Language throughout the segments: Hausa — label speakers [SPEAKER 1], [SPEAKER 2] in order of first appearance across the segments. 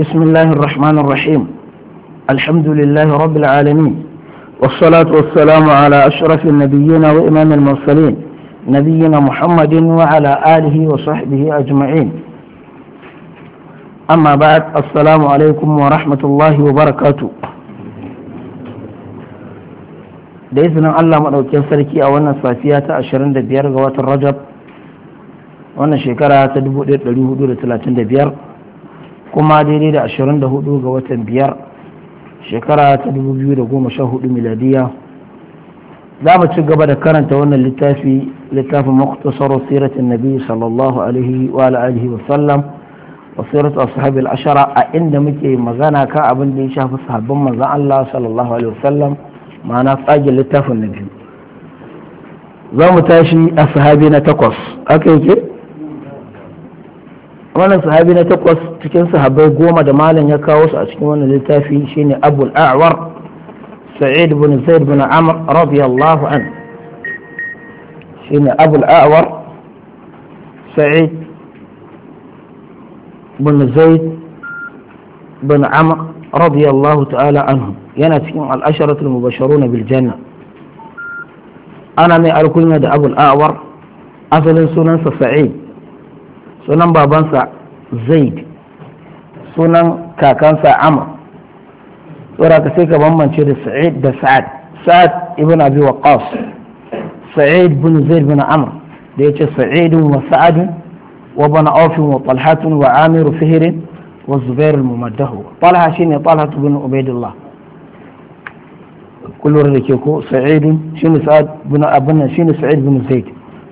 [SPEAKER 1] بسم الله الرحمن الرحيم الحمد لله رب العالمين والصلاة والسلام على أشرف النبيين وإمام المرسلين نبينا محمد وعلى آله وصحبه أجمعين أما بعد السلام عليكم ورحمة الله وبركاته da izinin Allah maɗaukin sarki a wannan safiya ta 25 ga watan Rajab wannan shekara ta 1435 kuma daidai da 24 ga watan biyar shekara ta 2014 miladiya za mu ci gaba da karanta wannan littafi littafin tsaro siratin nabi sallallahu alaihi wa alihi wa sallam wa siratu ashabi ashara a inda muke magana kan abin da ya shafi sahabban manzon Allah sallallahu alaihi wa sallam ma'ana tsagin littafin nabi za mu tashi ashabi na takwas aka yake wannan sahabi na takwas cikin sahabbai goma da malam ya kawo su a cikin wannan littafi shine abul a'war sa'id bin zaid bin amr radiyallahu an shine abul a'war sa'id bin zaid bin amr radiyallahu ta'ala anhu yana cikin al mubasharuna bil janna ana mai alkunya da abul a'war asalin sunansa sa'id sunan babansa zaid sunan kakansa amr tsora ka sai ka bambance da sa'id da sa'ad sa'ad ibn abi waqas sa'id bin zaid bin amr da yace sa'id wa sa'ad wa bana auf wa talhat wa amir fihr wa zubair al mumaddahu talha shine talha bin ubaidullah kullum da ke ko sa'id shine sa'ad bin abun shine sa'id bin zaid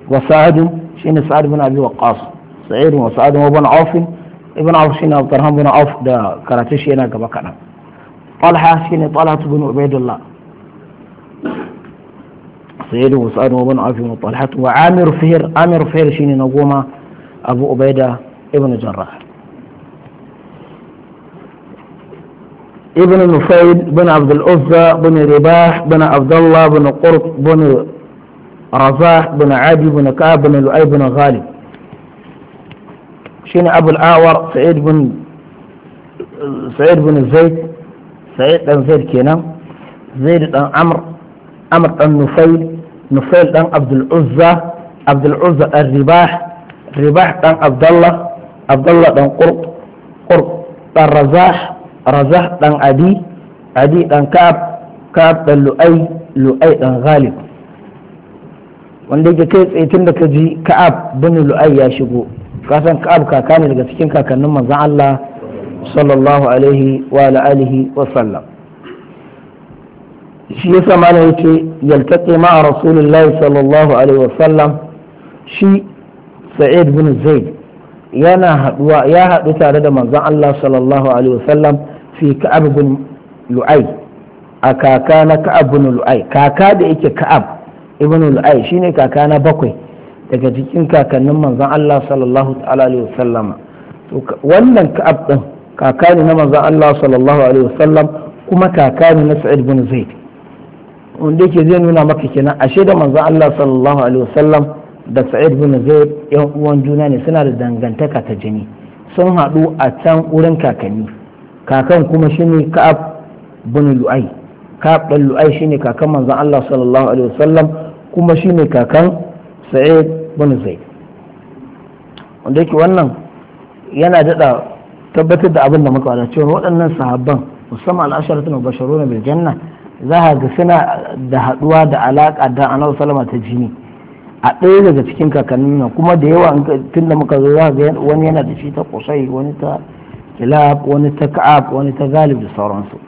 [SPEAKER 1] wa sa'ad shine sa'ad bin abi waqas sa'id wa sa'ad wa ibn auf ibn auf shine abd arham ibn auf da karate shi yana gaba kaɗan talha shine talha ibn ubaidullah sa'id wa sa'ad wa ibn auf wa talha wa amir fihr amir fihr shine na goma abu ubaida ibn jarrah ابن نفيد bana abdul العزى bana riba bana عبد bana qurb bana raza bana بن bana بن bana lu'ai bana بن شين أبو الأور سعيد بن سعيد بن زيد سعيد بن زيد كنا زيد بن عمر عمر بن نفيل نفيل بن عبد العزة عبد العزة الرباح رباح بن عبد الله عبد الله بن قرب قرب بن رزاح رزاح بن عدي عدي بن كعب كعب بن لؤي لؤي بن غالب وندي كيف يتم تجي كعب بن لؤي يا شبو kasan ka'ab kaka ne daga cikin kakannin manzan Allah sallallahu alaihi wa alihi wa sallam shi ya sa mana yake yaltaqi ma'a rasulullahi sallallahu alaihi wa sallam shi sa'id bin zaid yana haduwa ya hadu tare da manzan Allah sallallahu alaihi wa sallam fi ka'ab bin lu'ai a kaka na ka'ab bin lu'ai kaka da yake ka'ab ibn lu'ai shine kaka na bakwai daga cikin kakannin manzan Allah sallallahu alaihi wasallam wannan ka'ab din kaka na manzan Allah sallallahu alaihi wasallam kuma kaka na Sa'id bin Zaid wanda yake zai nuna maka kenan ashe da manzan Allah sallallahu alaihi wasallam da Sa'id bin Zaid yan uwan juna ne suna da dangantaka ta jini sun haɗu a can wurin kakanni kakan kuma shine Ka'ab bin Lu'ay Ka'ab bin Lu'ay shine kakan manzan Allah sallallahu alaihi wasallam kuma shine kakan sa'id bin zaid wanda yake wannan yana daɗa tabbatar da abin da muka wada cewa waɗannan sahabban musamman al'ashar tunan basharu na biljanna za a ga suna da haɗuwa da alaƙa da anar salama ta jini a ɗaya daga cikin kakannin nan kuma da yawa tun da muka zo za ga wani yana da shi ta kusai wani ta kilab wani ta ka'ab wani ta galib da sauransu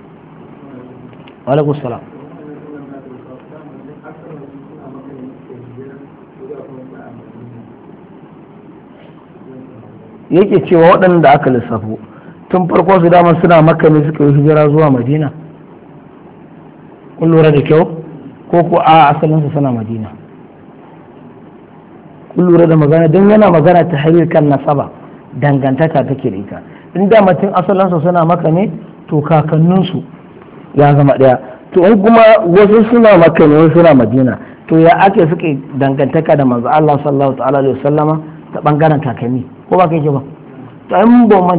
[SPEAKER 1] yake cewa waɗanda aka lissafo tun farko su dama suna maka ne suka yi hijira zuwa madina kun lura da kyau ko ko a asalinsu suna madina kun lura da magana don yana magana ta hanyar kan nasaba dangantaka ta ke ita in da mutum asalinsu suna maka ne to kakanninsu ya zama ɗaya to in kuma wasu suna maka ne wasu suna madina to ya ake suke dangantaka da manzo Allah sallallahu ta'ala alaihi wasallama ta bangaren kakanni, ko ba kai ke ba to in ba